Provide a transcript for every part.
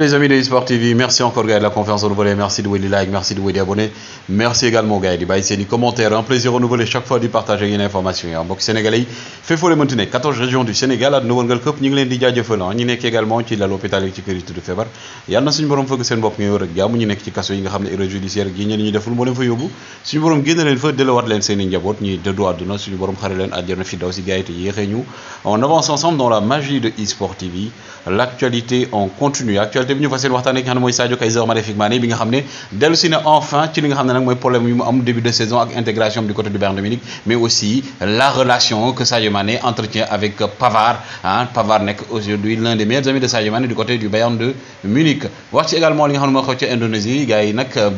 Les amis de eSport TV, merci encore gars de la confiance renouvelée, merci de vous les likes, merci de vous les abonner, merci également gars de baisser les commentaires, un plaisir renouvelé chaque fois de partager une information. En bokk sénégalais, fait faut les maintenir 14 régions du Sénégal ak nouvel ngal këpp ñu ngi leen di jaajëfal ñu nekk également ci l'hôpital hôpital yi ci kër yi tudd feebar yàlla na suñu borom fëgg seen bopp ñu yor ak jàmm ñu nekk ci kaso yi nga xam ne erreur judiciaire yi ñeneen ñu deful moo leen fa yóbbu suñu borom génn leen fa delluwaat leen seen i njaboot ñuy dëddu àdduna suñu borom xare leen àjjana fi daw si gars yi te yéexee ñu on avance ensemble dans la magie de eSport TV l'actualité en continue. actualité de saison Avec intégration du côté Bayern de Munich mais aussi la relation que Sadio Mané entretient avec Pavard hein. Pavard aujourd'hui l'un des meilleurs amis de Sadio Mané du côté du Bayern de Munich également li nga euh,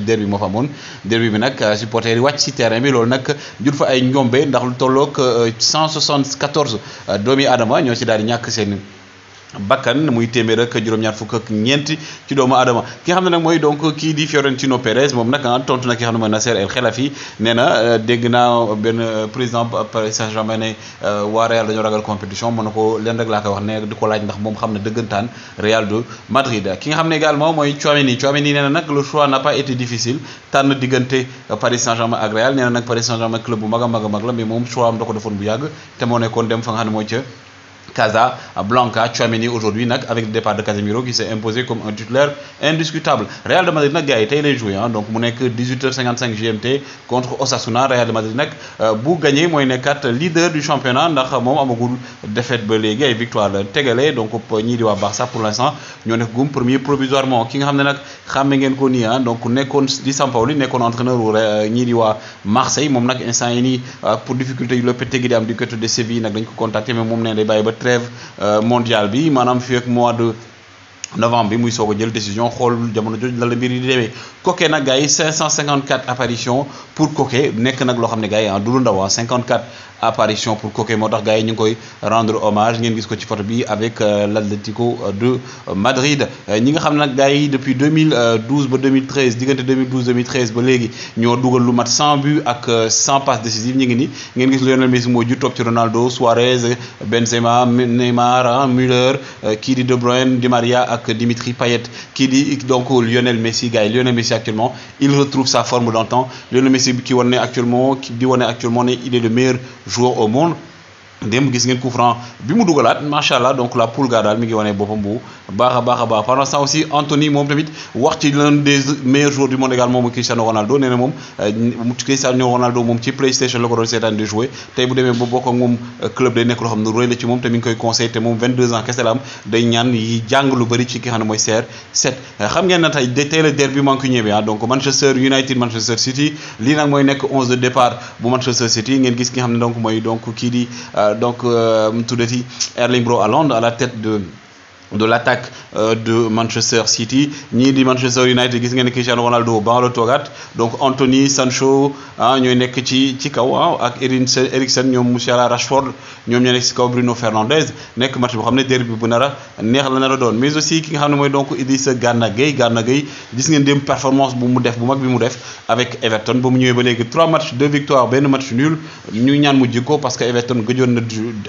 derby derby euh, supporters terrain bi 174 bakkan muy téeméer ak juróom-ñaar fukk ak ñeenti ci doomu aadama ki xam ne nag mooy donc kii di Fiorentino Perez moom nag ah tontu na ki xam ne mooy Nasser na euh, dégg naa benn euh, président Paris Saint-Germain ne euh, waa Real dañoo ragal compétition mën na ko leen rek laa koy wax ne ko laaj ndax moom xam na dëggantaan Real de Madrid ki nga xam ne également mooy Tchouaméni Tchouaméni nee na nag le choix n'a pas été difficile tànn diggante Paris Saint-Germain ak Real nee nag Paris saint club bu mag a mag a mag la mais moom choix am da ko defoon bu yàgg te moo nekkoon dem fa n xam ne mooy Casa Blanca mené aujourd'hui avec le départ de Casemiro qui s'est imposé comme un titulaire indiscutable Real de Madrid a été lay joué hein, donc 18h55 GMT contre Osasuna Real de Madrid pour euh, bu gagné mooy leaders leader du championnat ndax a amagul défaite ba légui ay victoire Tégalé donc euh, ñii di waa Barça pour l'instant ñoo nekk gum premier provisoirement ki nga xamné nak nag ngeen ko nii hein, donc nekkon di Paulo nekkon entraîneur wu euh, Marseille mom nak instant yi ni pour difficulté yu gui di am du côté de Séville nak dañ ko contacté mais mom né day baye trêve euh, mondiale bi maanaam fii ak mois de novembre il muy a jël décision jamono la di 554 apparitions pour Koke nek 54 apparitions pour Koke motax gaay koy rendre hommage ngeen gis ko avec euh, l'Atlético de Madrid euh, ñi nga xamné depuis 2012 2013 2012 2013 ba légui 100 buts ak 100 euh, passes décisives ngi ni gis ju Ronaldo Suarez Benzema Neymar hein, Müller De Bruyne Di Maria que Dimitri Payet qui dit donc Lionel Messi gars Lionel Messi actuellement il retrouve sa forme d'antan Lionel Messi qui dit actuellement qui actuellement il est le meilleur joueur au monde dem gis ngeen coup franc bi mu donc la poule daal mi ngi woné bopam bu baaxa baaxa baax pendant ça aussi Anthony mom tamit wax ci l'un des meilleurs joueurs du monde également moom Cristiano Ronaldo nee mom euh, mu Cristiano Ronaldo mom ci PlayStation la ko doon seetaan de jouer tay bu démé bo bokk ak moom euh, club day nek lo xam roy la ci mom te mi ngi koy conseil te moom 22 ans kese day ñaan yi jàng lu bëri ci ki xam moy ser set euh, xam ngeen na tay tay la derby mancunien ñëwé ah, donc Manchester United Manchester City li nak moy nek 11 de départ bu Manchester City ngeen gis ki nga donc moy donc ki di euh, donc tout euh, suite Erling Bro à Londres à la tête de de l'attaque euh, de Manchester City ni di Manchester United gis ngeen Cristiano Ronaldo ban la toogaat donc Anthony Sancho ah ñooy nekk ci ci kaw ah Eriksen Musiala Rashford ñoom ñoo nekk kaw Bruno Fernandes nekk match boo xam derby bu nar neex la doon mais aussi ki nga xam donc Idrissa Gana Gueye Gana Gueye gis ngeen dem performance bu mu def bu mag bi mu def avec Everton bu mu ñëwee ba légui 3 matchs 2 victoires benn match nul ñu ñaan mu jikko parce que Everton gëjoon na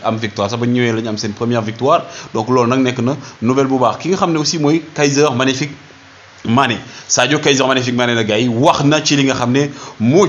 am victoire sa ba ñëwee lañ am seen première victoire donc loolu nak nekk na nouvelle Qui Qui ki nga aussi Moïse Kaiser magnifique Mané Sadio Kaiser magnifique Mané la gars yi wax na ci li nga xam ne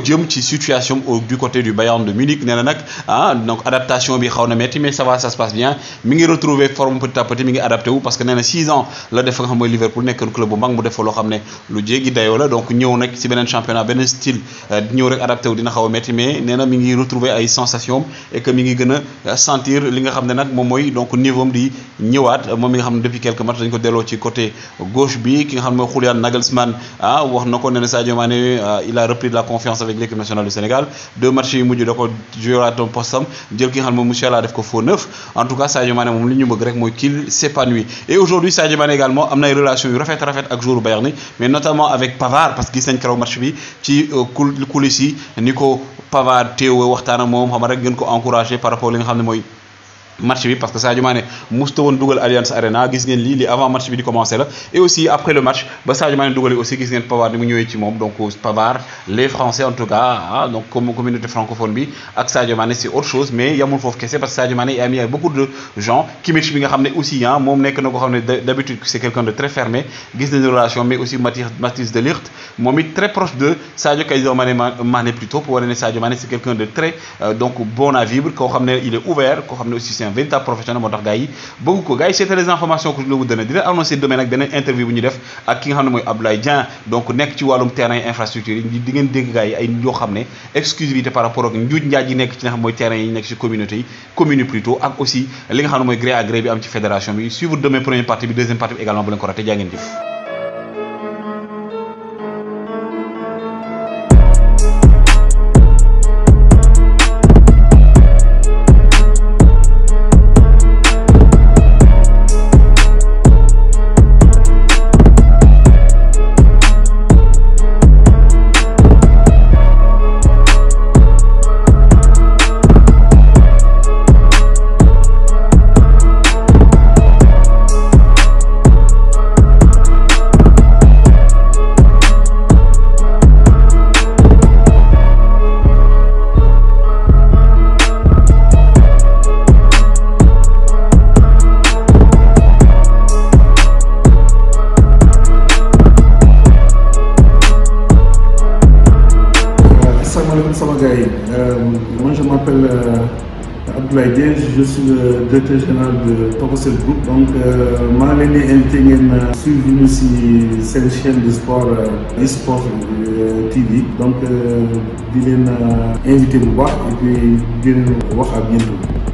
jëm ci situation au du côté du Bayern de Munich nee na ah donc adaptation bi xaw metti mais ça va ça se passe bien Mingi retrouver forme petit à petit mingi adapter adapté wu parce que nee 6 ans la def nga xam mooy Liverpool club bu mag mu def fa loo xam ne lu jéggi dayoo la donc ñëw bien ci beneen championnat beneen style euh, ñëw rek adapté wu dina xaw a metti mais nee mingi retrouver ay sensations et que mingi ngi euh, sentir li nga xam ne donc niveau am di ñëwaat moom nga xam depuis quelques matchs dañu ko ci côté gauche bi ki nga xam Julian Nagelsmann ah wax na ko ne Sadio Mané ah, il a repris de la confiance avec l'équipe nationale du Sénégal deux matchs yu dako jouer ko juraatoon postam jël ki nga xam ne a Musiala def ko faux neuf en tout cas Sadio Mané mom li ñu bëgg rek moy qu'il s'épanouit et aujourd'hui Sadio Mané également am na relation yu rafet rafet ak joueur Bayern mais notamment avec Pavard parce que gis nañ match bi ci euh, coulisses yi ni Pavard teewoo waxtana mom moom xam rek gën ko encouragé par rapport li nga xam moy match bi parce que Sadio Mané musta woon google Allianz Arena gis ngeen li avant match bi di commencer la et aussi après le match ba Sadio Mané dugalee aussi gis ngeen Pavard mu ci mom donc euh, Pavard les Français en tout cas ah, donc comme communauté francophone bi ak Sadio Mané c'est autre chose mais yamul fofu parce que Sadio Mané a mis beaucoup de gens qui bi nga xamné aussi hein ah, mom nek na ko xamné d'habitude c'est quelqu'un de très fermé gis nañu relation mais aussi matisse de Ligt moom très proche de Sadio Kalidou Mané Mané plutôt pour wone ne Sadio Mané c'est quelqu'un de très euh, donc bon à vivre ko xamné il est ouvert ko xamné aussi un véritable professionnel moo tax gars yi gars c'était les informations que loolu dana dina annoncé domaine ak beneen interview bu ñu def ak ki nga xam Abdoulaye donc nek ci wàllum terrain infrastructure yi di ngeen dégg gars yi ay yoo xam exclusivité par rapport ak njuuj njaaj yi nekk ci nga xam terrain yi nekk ci communauté commune plutôt ak aussi li nga xam ne mooy gré à gré bi am ci fédération bi suivre demain première partie bi deuxième partie également bu leen ko raté Bonjour, euh, moi je m'appelle euh, Abdoulaye je suis le directeur général de Toposet Group donc je euh, suis chaîne de sport TV donc invité et puis bientôt.